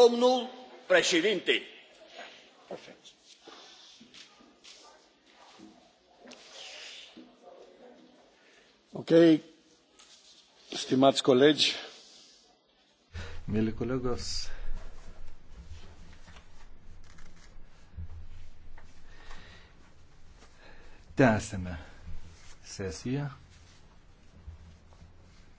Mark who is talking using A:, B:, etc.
A: domnul președinte
B: okay. stimați colegi mieli kolegos
C: tęsiame sesiją